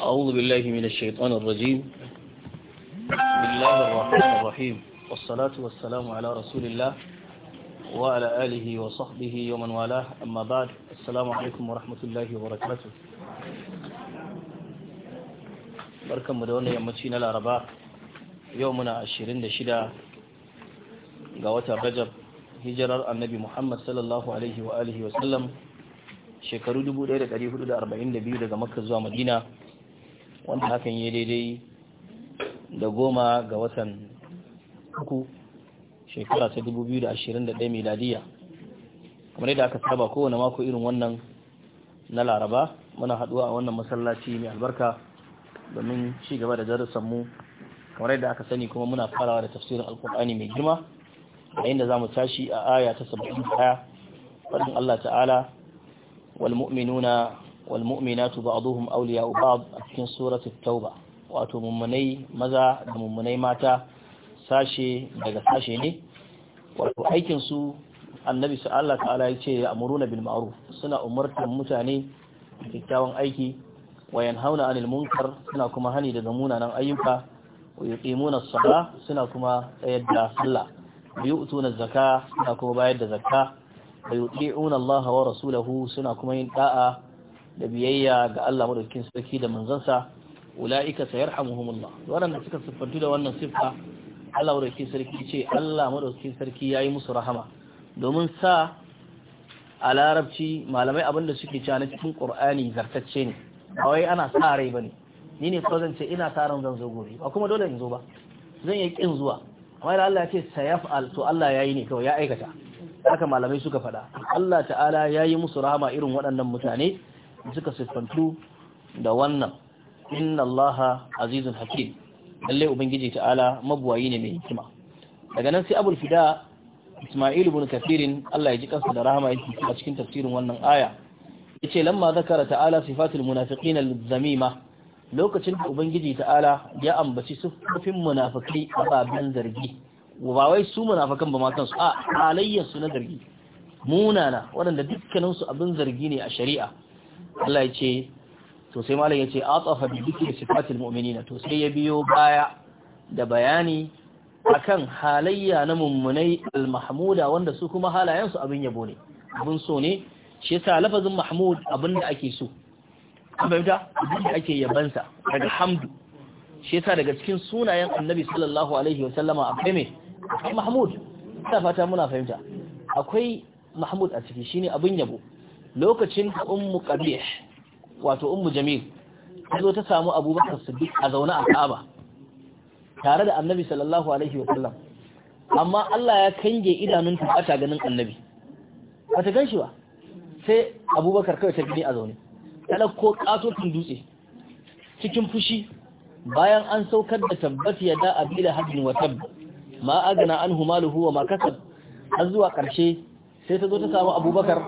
أعوذ بالله من الشيطان الرجيم بسم الله الرحمن الرحيم والصلاة والسلام على رسول الله وعلى آله وصحبه ومن والاه أما بعد السلام عليكم ورحمة الله وبركاته بركة مدونة يمتين العرباء يومنا عشرين دشدا قوة الرجب hijirar annabi Muhammad sallallahu alaihi wa alihi wa sallam shekaru 1442 daga Makka zuwa Madina wanda hakan ya daidai da goma ga watan uku shekara ta 2021 miladiya kamar yadda aka saba kowane mako irin wannan na laraba muna haduwa a wannan masallaci mai albarka domin ci gaba da darussan mu kamar yadda aka sani kuma muna farawa da tafsirin alkur'ani mai girma a inda mu tashi a aya ta 71 faɗin Allah ta'ala wal mu'minuna ba والمؤمنات بعضهم أولياء بعض في سورة tauba. wato mummunai maza da mummunai mata sashe daga sashe ne wato aikinsu annabi su Allah ta'ala ya ce amuruna bil suna umartar mutane kyakkyawan aiki Wayan hauna anil munkar suna kuma hani daga munanan ayyuka wa yuqimuna as-sala suna kuma tsayar da sallah wa yu'tuna zaka suna kuma bayar da zakka wa yuti'una Allah wa rasulahu suna kuma yin da'a da biyayya ga Allah madaukakin sarki da manzansa ula'ika sayarhamuhumullah waɗanda suka siffantu da wannan siffa Allah madaukakin sarki ce Allah madaukakin sarki yayi musu rahama domin sa a larabci malamai da suke cana na cikin Qur'ani zartacce ne Kawai ana sa rai bane ni ne ko zan ce ina sa ran zan zo gobe ba kuma dole in zo ba zan yi kin zuwa amma da Allah ya ce sayaf'al to Allah yayi ne kawai ya aikata haka malamai suka faɗa Allah ta'ala yayi musu rahama irin waɗannan mutane suka siffantu da wannan inna allaha azizun hakim lalle ubangiji ta'ala mabuwayi ne mai hikima daga nan sai abul fida isma'il ibn kafirin Allah ya ji kansa da rahama yake a cikin tafsirin wannan aya yace lamma zakara ta'ala sifatul munafiqin al-zamima lokacin da ubangiji ta'ala ya ambaci sifofin a ababen zargi ba wai su munafikan ba ma kansu a halayyar su na zargi munana waɗanda dukkaninsu abin zargi ne a shari'a Allah ya ce to sai malam yace atafa bi dhikri sifatil mu'minina to sai ya biyo baya da bayani akan halayya na mummunai al-mahmuda wanda su kuma halayen su abin yabo ne abin so ne shi yasa lafazin mahmud abin da ake so an abin da ake yabansa daga hamdu shi yasa daga cikin sunayen annabi sallallahu alaihi wa sallama akwai me mahmud ta fata muna fahimta akwai mahmud a ciki shine abin yabo lokacin da ummu qabih wato ummu jamil ta zo ta samu abubakar siddiq a zaune a ka'aba tare da annabi sallallahu alaihi wa sallam amma Allah ya kange idanun ta ta ganin annabi ba ta ganshi ba sai abubakar kai ta gini a zaune ta ɗauko ƙatotin dutse cikin fushi bayan an saukar da tabbati ya abila hadin wa tab ma agna an maluhu wa ma kasab har zuwa ƙarshe sai ta zo ta samu abubakar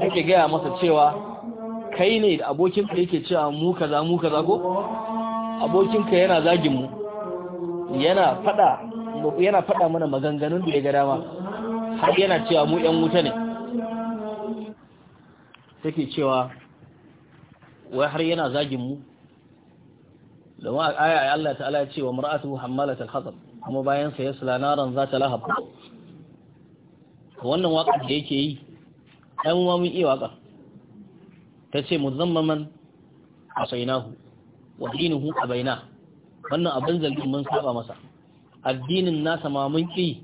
yake gaya masa cewa kai ne da abokinka yake cewa mu kaza mu kaza ko abokinka yana zagin mu yana fada yana fada mana maganganun da ya ga dama har yana cewa mu yan wuta ne take cewa wai har yana zagin mu da ma aya Allah ta'ala ya ce wa mar'atu hammalat al-hatab kuma bayan sa yasla naran zata lahab wannan waka da yake yi ai mu ma mun iya waka ta ce mu muzammaman asainahu wa bai na? wannan abin zargin mun saba masa addinin nasa ma mun ƙi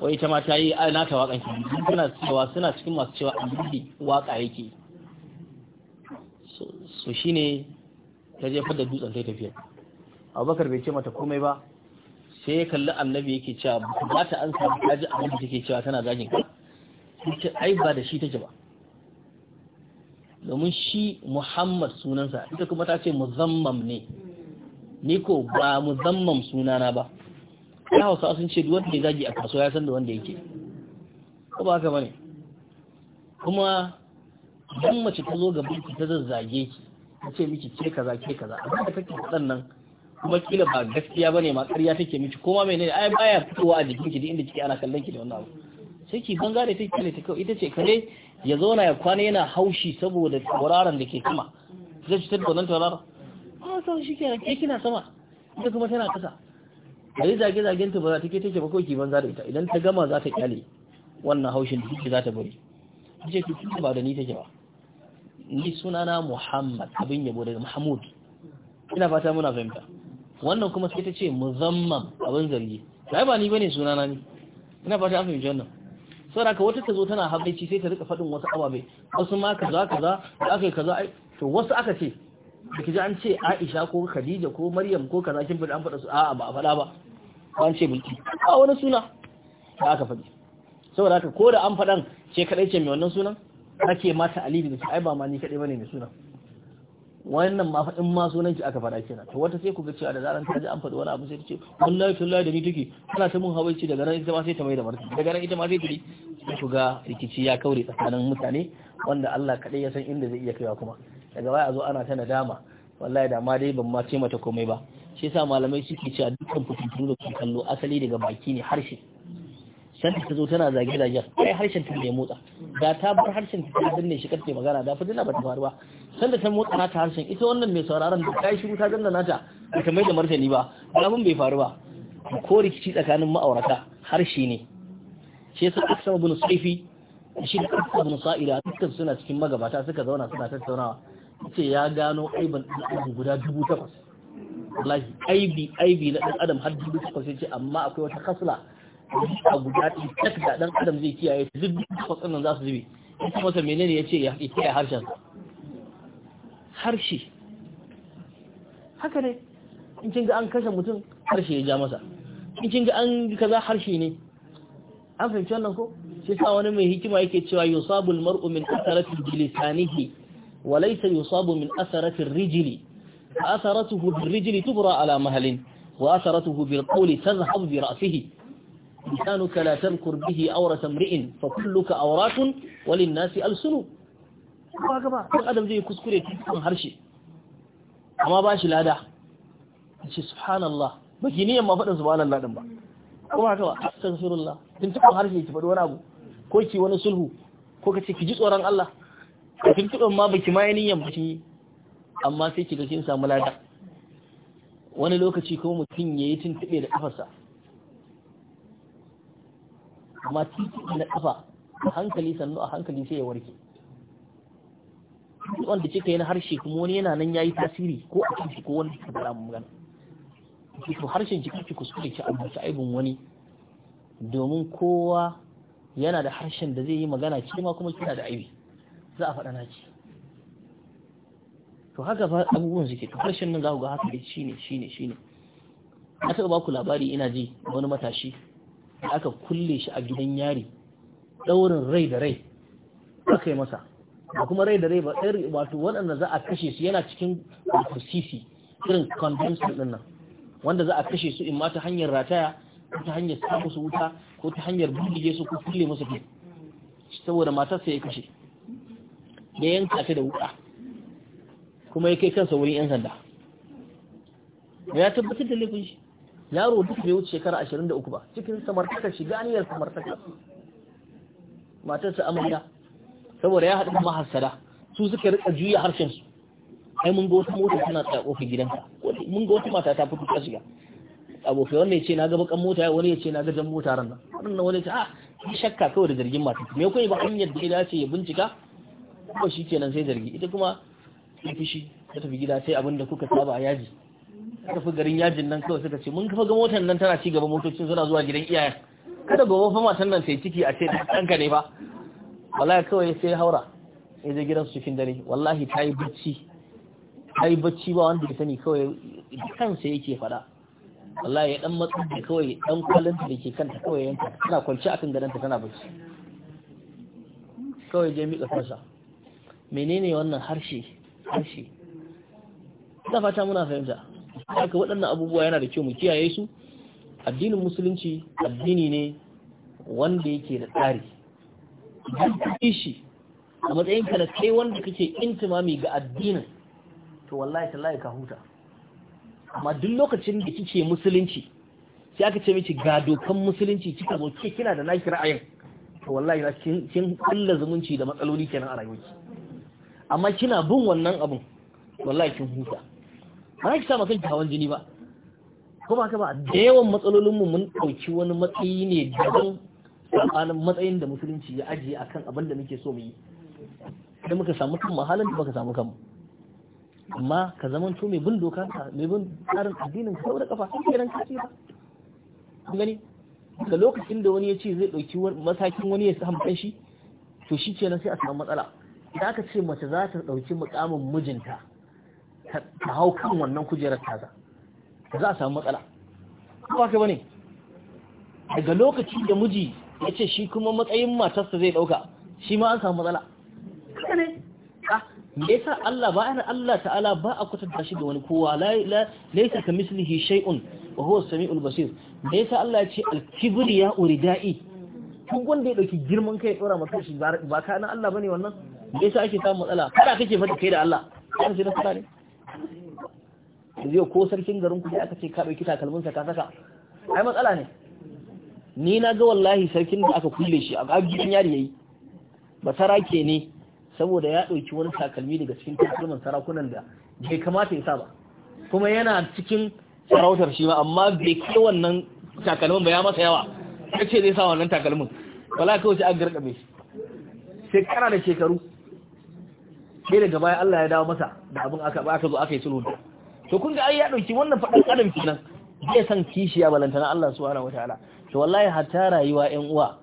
wa ita ma ta yi a nata waƙan ki suna cewa suna cikin masu cewa addini waƙa yake shi shine ta jefar da dutsen ta tafiya abubakar bai ce mata komai ba sai ya kalli annabi yake cewa ba ta an samu kaji a wanda take cewa tana zagin ka ce ai ba da shi take ba domin shi muhammad sunansa ita kuma ta ce muzammam ne ni ko ba muzammam sunana ba ya hausa sun ce duwanda ya zagi a kasuwa ya san da wanda yake ko ba haka bane kuma don mace ta zo gaban ki ta zazzage ki ta ce miki ke kaza ke kaza abin da kake faɗan nan kuma kila ba gaskiya bane ma ƙarya take miki koma menene ai baya fitowa a jikin ki duk inda kike ana kallon ki da wannan abu sai ki da take ta kawai ita ce kare ya zauna ya kwana yana haushi saboda wuraren da ke kama. zai cutar da wannan tauraron a ah, sau shi ke ke kina sama ita kuma tana kasa a yi zage-zagen ta ba za ta ke take ba kawai ki banza da ita idan ta gama za ta kyale wannan haushin da take za ta bari ce ki tuka ba da ni take ba ni sunana Muhammad abin yabo daga Mahmud ina fata muna fahimta wannan kuma sai ta ce muzammam abin zargi sai ba ni bane sunana ni ina fata an fahimci wannan saboda ka wata ta zo tana habaici sai ta rika faɗin wasu ababe wasu ma kaza kaza da aka yi kaza to wasu aka ce da ji an ce Aisha ko Khadija ko Maryam ko kaza kin faɗa an faɗa su a'a ba a faɗa ba an ce bulki a wani suna da aka faɗi saboda ka ko da an faɗan ce kadai ce mai wannan sunan ake mata alibi da ai ba ma ni kadai bane mai sunan wannan ma in ma sunan aka fara kenan to wata sai ku ga cewa da zaran ta ji an faɗi wani abu sai ta ce wallahi tallahi da ni take ana ta mun hawaici daga nan ita ma sai ta mai da martani daga nan ita ma sai ta yi ku ga rikici ya kaure tsakanin mutane wanda Allah kadai ya san inda zai iya kaiwa kuma daga baya a zo ana ta nadama wallahi da ma dai ban ma ce mata komai ba shi yasa malamai suke cewa dukkan fitintunu da kuke kallo asali daga baki ne harshe sanda ta zo tana zage zage kai harshen ta ne motsa da ta bar harshen ta ta danne shi karfe magana da fitina ba ta faru ba sanda ta motsa nata harshen ita wannan mai sauraron da ta yi shiru ta danna nata ba ta mai da martani ba abin bai faru ba ko rikici tsakanin ma'aurata harshe ne shi yasa aksama bin saifi shi da aksama bin sa'ira dukkan suna cikin magabata suka zauna suna tattaunawa ce ya gano aibin ɗan guda dubu takwas wallahi aibi aibi na ɗan adam har dubu takwas ce amma akwai wata kasla a guda tak da ɗan adam zai kiyaye duk da takwas ɗin za su zube ita masa menene ya ce ya kiyaye harshen harshe haka ne in cin ga an kashe mutum harshe ya ja masa in cin ga an kaza harshe ne an fahimci wannan ko shi sa wani mai hikima yake cewa yusabu mar'u min atharati lisanihi wa laysa yusabu min atharati ar-rijli atharatuhu bir-rijli tubra ala mahalin wa atharatuhu bil-qawli tazhabu bi ra'sihi lisanuka la tankur bihi awrata imri'in fa kulluka awratun wa lin-nasi al-sunu ba gaba ɗan adam zai kuskure cikin harshe amma ba shi lada a ce subhanallah ba ki niyan ma faɗin subhanallah ɗin ba kuma haka ba astaghfirullah tun tukun harshe ki faɗi wani abu ko ki wani sulhu ko ka ce ki ji tsoron Allah tun tukun ma baki ma yi niyan ba ki amma sai ki ga kin samu lada wani lokaci kuma mutum ya yi tuntuɓe da ƙafarsa amma tuntuɓe na ƙafa a hankali sannu a hankali sai ya warke wanda kika yi na harshe kuma wani yana nan yayi tasiri ko a kanki ko wanda kika fara magana to harshen ki kike kuskure ki ambata aibin wani domin kowa yana da harshen da zai yi magana ki ma kuma kina da aibi za a faɗa naki to haka fa abubuwan suke to harshen nan za ku ga haka dai shine shine shine na taɓa baku labari ina ji wani matashi da aka kulle shi a gidan yari ɗaurin rai da rai aka yi masa da kuma rai da rai wato waɗanda za a kashe su yana cikin wato sisi irin condemns din nan wanda za a kashe su in ma ta hanyar rataya ko ta hanyar sa musu wuta ko ta hanyar bulige su ko kulle musu ke saboda matar sa ya kashe da yanka ta da wuta kuma ya kai kansa wurin yan sanda ya tabbatar da laifin shi yaro duk bai wuce shekara ashirin da uku ba cikin samartaka shiga aniyar samartaka matarsa amarya saboda ya haɗu kuma mahassada su suka rika juya harshen su ai mun ga wata mota tana tsaya kofar gidanka mun ga wata mata ta fito ta shiga abokai wannan ya ce na ga bakan mota wani ya ce na ga jan mota ran nan wannan wani ya ce a, ah, yi shakka kawai da zargin mata me kuma ba hanyar da ya dace ya bincika ko shi kenan sai zargi ita kuma ta fishi ta tafi gida sai abin da kuka saba a yaji ta tafi garin yajin nan kawai suka ce mun kafa ga motan nan tana ci gaba motocin suna zuwa gidan iyayen kada gobe fa matan nan sai ciki a ce ɗanka ne fa wallahi kawai sai ya haura ya je su cikin dare wallahi ta yi bacci ta yi bacci ba wanda ya sani kawai kansa yake faɗa wallahi ya dan matsin da kawai dan kwalin da ke kanta kawai yanka tana kwance gadon gadonta tana bacci kawai je miƙa kansa menene wannan harshe harshe ina fata muna fahimta haka waɗannan abubuwa yana da kyau mu kiyaye su addinin musulunci addini ne wanda yake da tsari idan shi a matsayin ka na kai wanda kake intimami ga addinin to wallahi tallahi ka huta amma duk lokacin da kike musulunci sai aka ce miki ga dokan musulunci kika zo ke kina da naki ra'ayin to wallahi na kin kulla zumunci da matsaloli kenan a rayuwarki amma kina bin wannan abun wallahi kin huta ba ki sa kanki hawan jini ba kuma haka ba da yawan matsalolinmu mun ɗauki wani matsayi ne daban tsakanin matsayin da musulunci ya ajiye akan abin da muke so mu yi da muka samu kan halin da muka samu kan amma ka zaman to mai bin doka mai bin tsarin addinin ka da kafa sai ran kafi ba kun gani da lokacin da wani ya ce zai dauki matakin wani ya samu kanshi to shi kenan sai a samu matsala idan aka ce mace za ta dauki mukamin mijinta ta hau kan wannan kujerar taza za a samu matsala ba ka bane daga lokacin da miji ya ce shi kuma matsayin matarsa zai ɗauka shi ma an samu matsala ah, ya sa Allah ba ana Allah ta'ala ba a kwatanta shi da wani kowa la ka mislihi shai'un ba huwa sami ulbashir da ya sa Allah ya ce ya uri da'i, kun wanda ya dauki girman kai ya dora maka shi ba ka na Allah bane wannan me sa ake samu matsala kada kake fata kai da Allah ya sai na fada ne yanzu ko sarkin garin ku aka ce ka dauki takalmin sa ka saka ai matsala ne ni na ga wallahi sarkin da aka kulle shi a gidan yari yayi basara ke ne saboda ya ɗauki wani takalmi daga cikin takalman sarakunan da bai kamata ya sa ba kuma yana cikin sarautar shi ma amma bai kai wannan takalmin ba ya masa yawa ya ce zai sa wannan takalmin wala kawai sai an garkame shi shekara da shekaru sai daga baya Allah ya dawo masa da abin aka ba aka zo aka yi sulhu to kun ga ai ya ɗauki wannan faɗan adam kenan zai san kishiya balantana Allah subhanahu wataala to wallahi hatta rayuwa yan uwa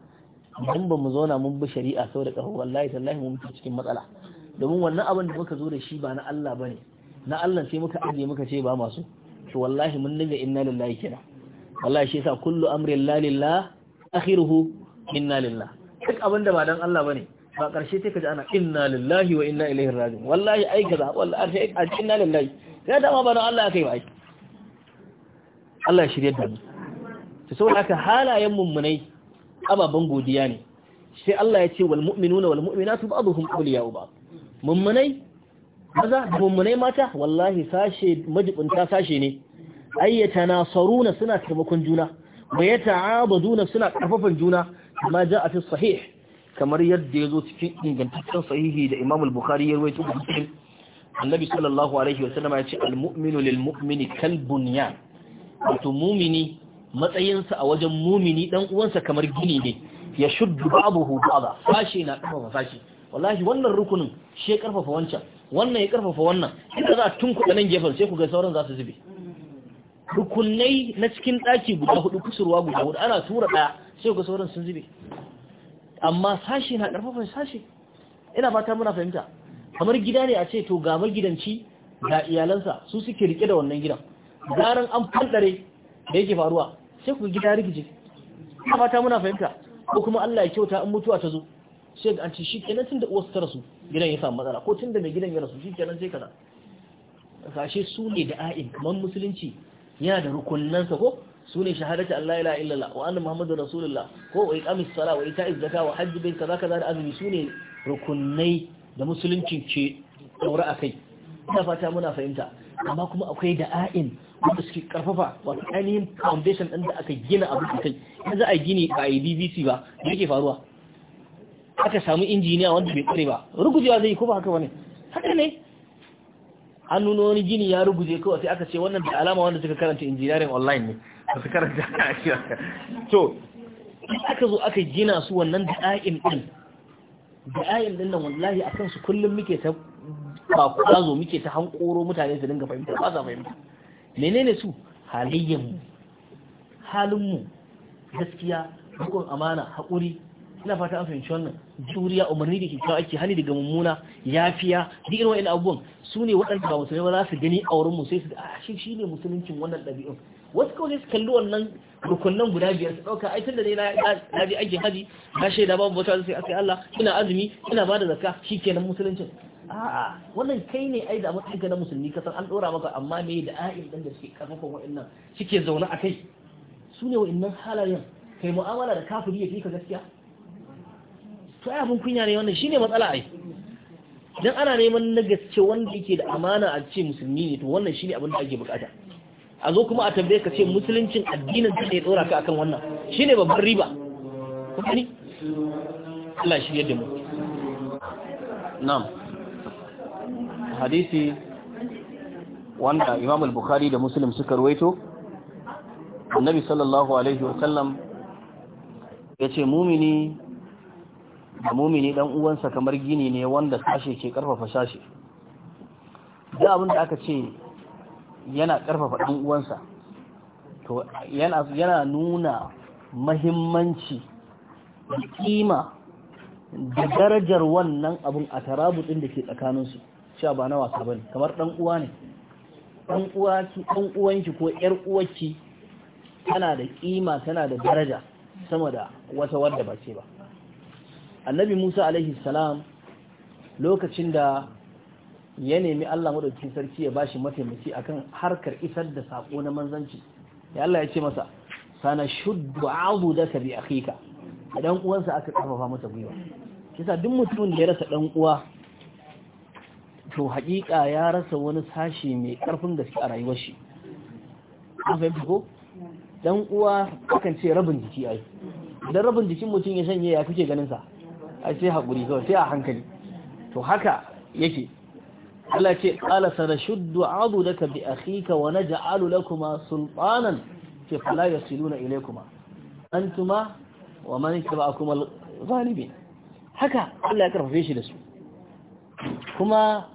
idan ba mu zauna mun bi shari'a sau da ƙaho wallahi tallahi mun mutu cikin matsala domin wannan abin da muka zo da shi ba na Allah bane na Allah sai muka aje muka ce ba masu to wallahi mun nabi inna lillahi kina wallahi shi yasa kullu amrin la lillah akhiruhu inna lillah duk abin da ba dan Allah bane ba karshe sai ka ji ana inna lillahi wa inna ilaihi raji'un wallahi ai kaza wallahi ai inna lillahi sai dama ma ba dan Allah kai ba ai Allah ya shirye da mu to saboda haka halayen mummunai ababen godiya ne sai Allah ya ce wal mu'minuna wal mu'minatu ba'dhum awliya'u ba'd mummunai maza da mummunai mata wallahi sashe majibunta sashe ne ayyata nasaruna suna taimakon juna wa yata'abuduna suna karfafan juna kama ja'a fi sahih kamar yadda ya zo cikin ingantaccen sahihi da Imam al-Bukhari ya rawaito da Muslim Annabi sallallahu alaihi wasallam ya ce al-mu'minu lil mu'mini kal bunyan wato mumini matsayinsa a wajen mumini dan uwansa kamar gini ne ya shuddu ba'dahu ba'da fashi na karfafa fashi wallahi wannan rukunin shi ya karfafa wancan wannan ya karfafa wannan inda za a tunkuɗa nan gefen sai ku ga sauran za su zube rukunai na cikin ɗaki guda hudu kusurwa guda hudu ana tura ɗaya sai ga sauran sun zube amma sashi na karfafa sashi ina fata muna fahimta kamar gida ne a ce to ga magidanci ga iyalansa su suke rike da wannan gidan garan an fandare da yake faruwa sai ku gida rikice Kuma fata muna fahimta ko kuma Allah ya kyauta in mutuwa ta zo sai an ce shikenan tunda uwarsa ta rasu gidan ya samu matsala ko tunda mai gidan ya rasu shikenan sai kaza kashe su ne da a'in kamar musulunci yana da rukunnansa ko su ne shahadatu Allah ila illallah wa anna muhammadur rasulullah ko wa iqamis sala wa ita'iz zaka wa hajj bai kaza kaza da azumi su ne rukunnai da musulunci ke daura akai ina fata muna fahimta amma kuma akwai da'a'in wanda suke karfafa wato ainihin foundation ɗin da aka gina abu da kai in za a gini ba a yi bbc ba da yake faruwa aka samu injiniya wanda bai tsare ba rugujewa zai yi ko ba haka wani haka ne an nuna wani gini ya ruguje kawai sai aka ce wannan da alama wanda suka karanta engineering online ne ba su karanta to aka zo aka gina su wannan da'a'in ɗin da'a'in din nan wallahi akan su kullum muke ba kuma zo muke ta hankoro mutane su dinga fahimta ba za fahimta menene su halayyan mu halin mu gaskiya rikon amana haƙuri ina fata an fahimci wannan juriya umarni da kawo ake hali daga mummuna yafiya duk irin wa'in abubuwan su ne waɗanda ba musulmai ba za su gani a wurin mu sai su a ah, shi shi ne musuluncin wannan ɗabi'un wasu kawai su kalli wannan rukunnan guda biyar su ɗauka ai da ne na je aikin haji na shaida babu wata sai Allah ina azumi ina bada zakka kenan musuluncin a'a wannan kai ne ai da matsayin ka na musulmi ka san an dora maka amma me da a'in dan da suke karfafan wa'annan suke zaune a kai su ne wa'annan halayen kai mu'amala da kafiri ya fi ka gaskiya to ai abun kunya ne wannan shine matsala ai dan ana neman na gaske wanda yake da amana a ce musulmi ne to wannan shine abin da ake bukata a zo kuma a tambaye ka ce musuluncin addinin da ya dora ka akan wannan shine babban riba kuma ni Allah shi yadda mu na'am hadisi wanda imam al-bukhari da muslim suka ruwaito annabi sallallahu alaihi wasallam ya ce mumini da mumini dan uwansa kamar gini ne wanda sashe ke karfafa sashe da abin da aka ce yana karfafa dan uwansa to yana yana nuna mahimmanci da kima da darajar wannan abun a tarabutsin da ke tsakaninsu cewa ba na wasa bane kamar ɗan uwa ne dan uwa uwanki ko yar uwarki tana da ƙima tana da daraja sama da wata wadda ba ce ba annabi Musa alaihi salam lokacin da ya nemi Allah madaukakin sarki ya bashi mataimaki akan harkar isar da sako na manzanci ya Allah ya ce masa sana shuddu azudaka bi akhika dan uwansa aka karfafa masa gwiwa kisa duk mutumin da ya rasa dan uwa to haƙiƙa ya rasa wani sashi mai karfin gaske a rayuwar shi an fahimta ko dan uwa akan ce rabin jiki ai idan rabin jikin mutum ya shanye ya kuke ganin sa a ce haƙuri kawai sai a hankali to haka yake Allah ce qala abu daka bi akhika wa naj'alu lakuma sultanan ce fala yasiluna ilaykuma antuma wa man tabi'akum al-ghalibin haka Allah ya karfafe shi da su kuma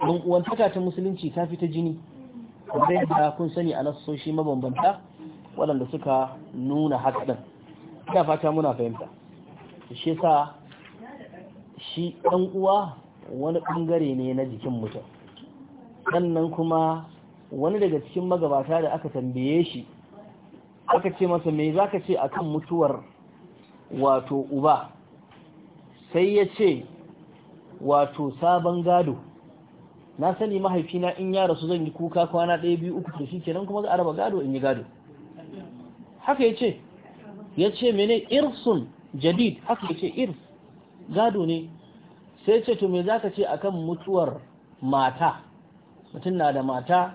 don uwantaka ta musulunci ta fi ta jini zai yadda kun sani a nasoshi mabambanta waɗanda suka nuna haka ɗin ina fata muna fahimta shi sa shi ɗan uwa wani ɓangare ne na jikin mutum sannan kuma wani daga cikin magabata da aka tambaye shi aka ce masa mai za ka ce akan mutuwar wato uba sai ya ce wato sabon gado na sani mahaifina in ya rasu zan yi kuka kwana ɗaya biyu uku to shi kenan kuma za a raba gado in yi gado haka ya ce ya ce mene irsun jadid haka ya ce irs gado ne sai ce to me za ka ce akan mutuwar mata mutum na da mata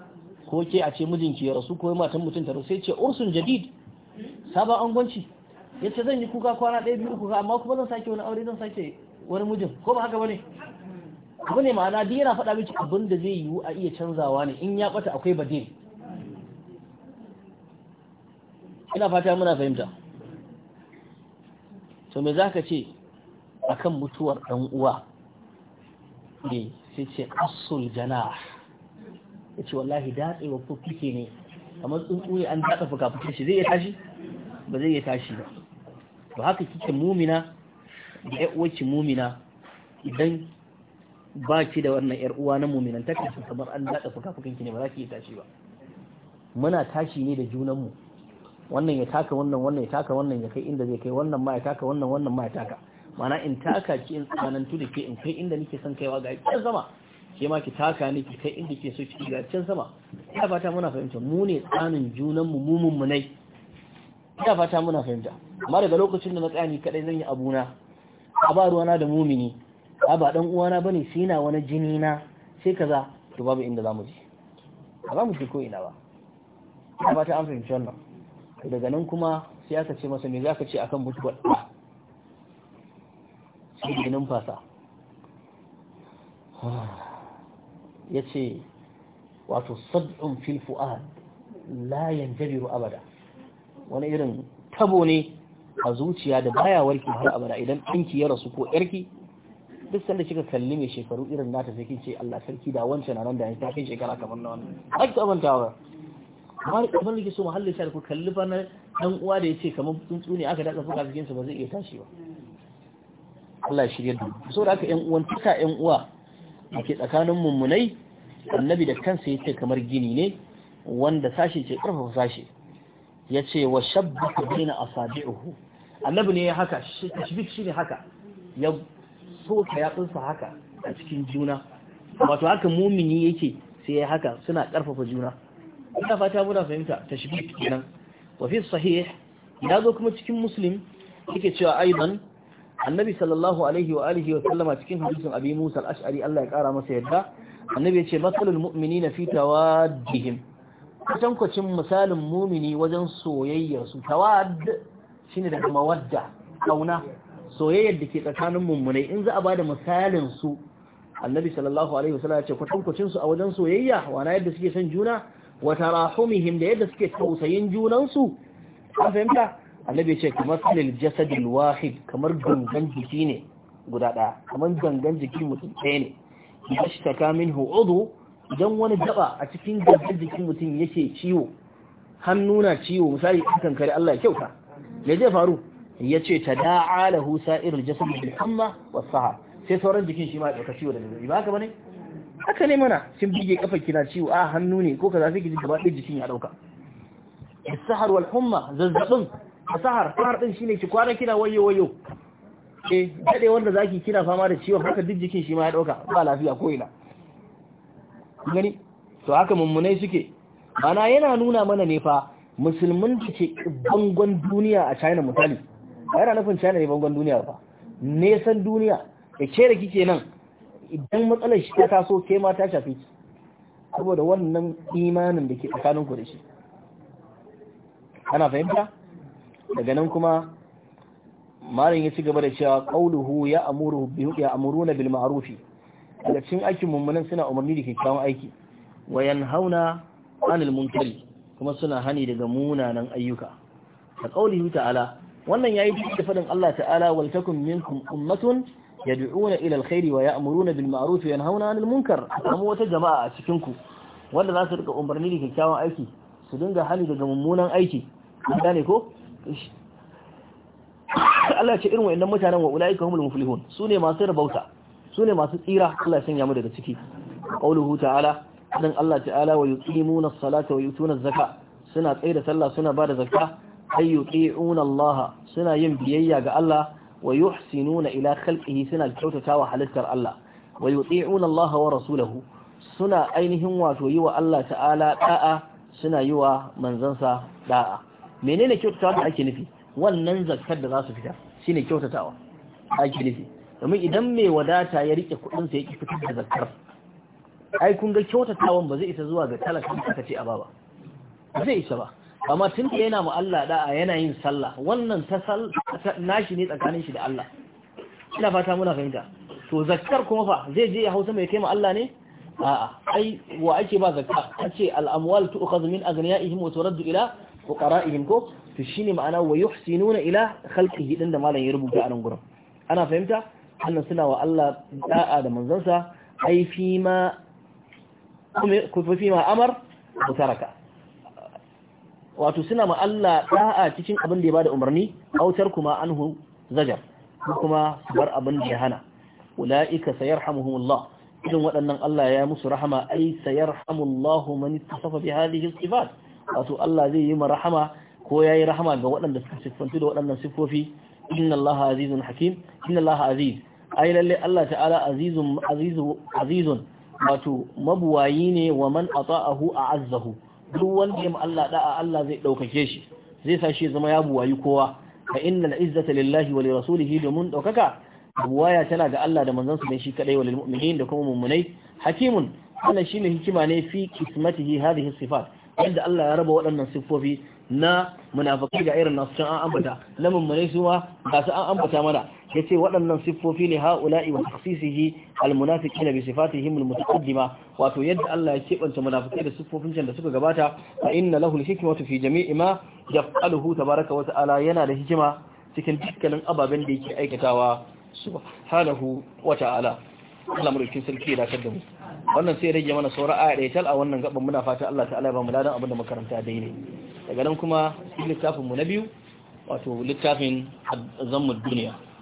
ko ke a ce mijinki ya rasu ko matan mutum ta rasu sai ce ursun jadid sabon angwanci ya ce zan yi kuka kwana ɗaya biyu uku amma kuma zan sake wani aure zan sake wani mijin ko ba haka ba ne abu ne ma'ana duk yana faɗa miki abin da zai yiwu a iya canzawa ne in ya ɓata akwai badin ina fata muna fahimta to me za ka ce kan mutuwar ɗan uwa ne sai ce asul jana ya ce wallahi daɗe wa fuffike ne kamar tsuntsuye an daɗa fuka shi zai iya tashi ba zai iya tashi ba ba haka kike mumina da ya uwaci mumina idan ba ki da wannan yar uwa na muminan ta kasu kamar an daɗa fuka-fukan ki ne ba za ki yi tashi ba muna tashi ne da junan mu wannan ya taka wannan wannan ya taka wannan ya kai inda zai kai wannan ma ya taka wannan wannan ma ya taka mana in taka ki in tsanantu da ke in kai inda nake son kaiwa ga can sama ke ma ki taka ne ki kai inda ke so ki ga can sama ina fata muna fahimta mu ne tsanin junan mu mu mun munai ina fata muna fahimta amma daga lokacin da na tsaya ni kadai zan yi abuna a ba ruwana da mumini a ba ɗan uwana bane sai na wani jini na sai kaza to babu inda zamu je ba za mu je ko ina ba ina ba ta an fahimci nan daga nan kuma sai aka ce masa me za ka ce akan mutuwar ba sai ya fasa. ya ce wato sad'un fil fu'ad la yanjabiru abada wani irin tabo ne a zuciya da baya warke har abada idan ɗanki ya rasu ko ƴarki duk sanda kika kalli mai shekaru irin nata sai kin ce Allah sarki da wancan nan da ta kin shekara kamar na wannan ai ka manta ba kamar kamar kike so mahalli sai ku kalli ba na dan uwa da yace kamar tsuntsu ne aka daka fuka cikin sa ba zai iya tashi ba Allah ya shirye so da aka yan uwan tuka yan uwa ake tsakanin mummunai annabi da kansa yace kamar gini ne wanda sashi ce karfafa sashi yace wa shabbaka baina asabi'uhu annabi ne ya haka shi ne haka ya so ka haka a cikin juna wato haka mumini yake sai ya haka suna ƙarfafa juna ina fata muna fahimta tashbih kenan wa fi sahih ya zo kuma cikin muslim yake cewa aidan annabi sallallahu alaihi wa alihi wa sallama cikin hadisin abi musa al-ash'ari Allah ya kara masa yadda annabi ya ce masalul mu'minina fi tawaddihim kwatankwacin misalin mumini wajen soyayyarsu tawad shine daga mawadda kauna soyayyar da ke tsakanin mummunai in za a bada misalin su annabi sallallahu alaihi wasallam ya ce tankucin su a wajen soyayya wana yadda suke son juna wa tarahumihim da yadda suke tausayin junan su an fahimta annabi ya ce kamar salil jasadil wahid kamar gangan jiki ne guda ɗaya kamar gangan jiki mutum ɗaya ne ya shi taka min hu'udu idan wani daba a cikin gangan jikin mutum yake ciwo hannu na ciwo misali kan kankare Allah ya kyauta me zai faru Ya ce da'a da lahu sa'irul jasad bil hamma was saha. sai sauran jikin shi ma ya dauka ciwo da zazzabi ba haka bane haka ne mana sun bige kafar kina ciwo a hannu ne ko kaza sai ki ji gaba ɗaya jikin ya dauka as-sahar wal humma zazzabin sahar sahar din shine ki kwana kina wayo wayo eh dade wanda zaki kina fama da ciwon haka duk jikin shi ma ya dauka ba lafiya ko ina gani to haka mummunai suke mana yana nuna mana ne fa musulmin da ke bangon duniya a China misali ba yana nufin China ne bangon duniya ba nesan duniya ya ce da kike nan idan matsalar shi ta taso ke ma ta shafi ki saboda wannan imanin da ke tsakanin ku da shi ana fahimta daga nan kuma malam ya ci gaba da cewa qauluhu ya amuru bi ya amuruna bil ma'ruf daga cikin aikin mummunan suna umarni da kyakkyawan aiki wa yanhauna anil munkari kuma suna hani daga munanan ayyuka da qauluhu ta'ala wannan yayi da fadin Allah ta'ala wal takum minkum ummatun yad'una ila alkhairi wa ya'muruna bil ma'ruf wa yanhauna 'anil munkar kuma wata jama'a a cikin ku wanda za su rika umarni da kyakkyawan aiki su dinga hali daga mummunan aiki gane ko Allah ce irin wayannan mutanen wa ulaika humul muflihun sune masu rabauta sune masu tsira Allah ya sanya mu daga ciki qauluhu ta'ala dan Allah ta'ala wa yuqimuna as-salata wa yutuna az-zakata suna tsaye da sallah suna ba da zakka ay yuti'una Allah suna yin biyayya ga Allah wa yuhsinuna ila khalqihi suna kyautatawa halittar Allah wa yuti'una Allah wa rasulahu suna ainihin wato yi wa Allah ta'ala da'a suna yi wa manzansa da'a menene kyautatawa da ake nufi wannan zakkar da za su fita shine kyautatawa ake nufi domin idan mai wadata ya rike kuɗin sa yake fitar da zakkar ai kun ga kyautatawan ba zai isa zuwa ga talakan aka ce a baba? zai isa ba amma tun da yana Allah da'a yana yin sallah wannan ta nashi ne tsakanin shi da Allah ina fata muna fahimta to zakkar kuma fa zai je ya hausa mai kai Allah ne a'a ai wa ake ba zakka ace al-amwal tu'khadhu min aghniyaihim wa turaddu ila fuqara'ihim ko to shine ma'ana wa yuhsinuna ila khalqihi din da malam ya rubuta a ana fahimta annan suna wa Allah da'a da manzansa ai fi ma kuma fi ma amar ko taraka wato suna ma Allah da'a cikin abin da ya bada umarni autar kuma anhu zajar kuma bar abin da ya hana ulaika sayarhamuhumullah irin waɗannan Allah ya musu rahama ai sayarhamullahu man ittasafa bi hadhihi sifat wato Allah zai yi rahama ko yayi rahama ga waɗanda suka siffantu da waɗannan siffofi inna Allah azizun hakim inna Allah aziz ai lalle Allah ta'ala azizun azizun azizun wato mabuwayi ne wa man ata'ahu a'azzahu duk wanda ya Allah da'a Allah zai ɗaukake shi zai sa shi zama ya buwayi kowa Ka innal izzata lillahi wa li rasulihi domin ɗaukaka buwaya tana ga Allah da manzansa ne shi kadai wa lil mu'minin da kuma mu'minai hakimun wannan shine hikima ne fi kismatihi hadhihi sifat yadda Allah ya raba waɗannan siffofi na munafakai ga irin nasu can an ambata lamun mane su ma ga su an ambata mana yace waɗannan siffofi ne haula'i wa takhsisihi almunafiqina bi sifatihim almutaqaddima wato yadda Allah ya kebanta munafikai da siffofin can da suka gabata fa inna lahu alhikmatu fi jami'i ma yaf'aluhu tabaraka wa ta'ala yana da hikima cikin dukkanin ababen da yake aikatawa subhanahu wa ta'ala Allah mulkin sarki da mu. wannan sai rage mana sauran aya ɗaya tal a wannan gaban muna fata Allah ta'ala ya ladan abin da makaranta dai ne daga nan kuma littafin mu na biyu wato littafin zammud duniya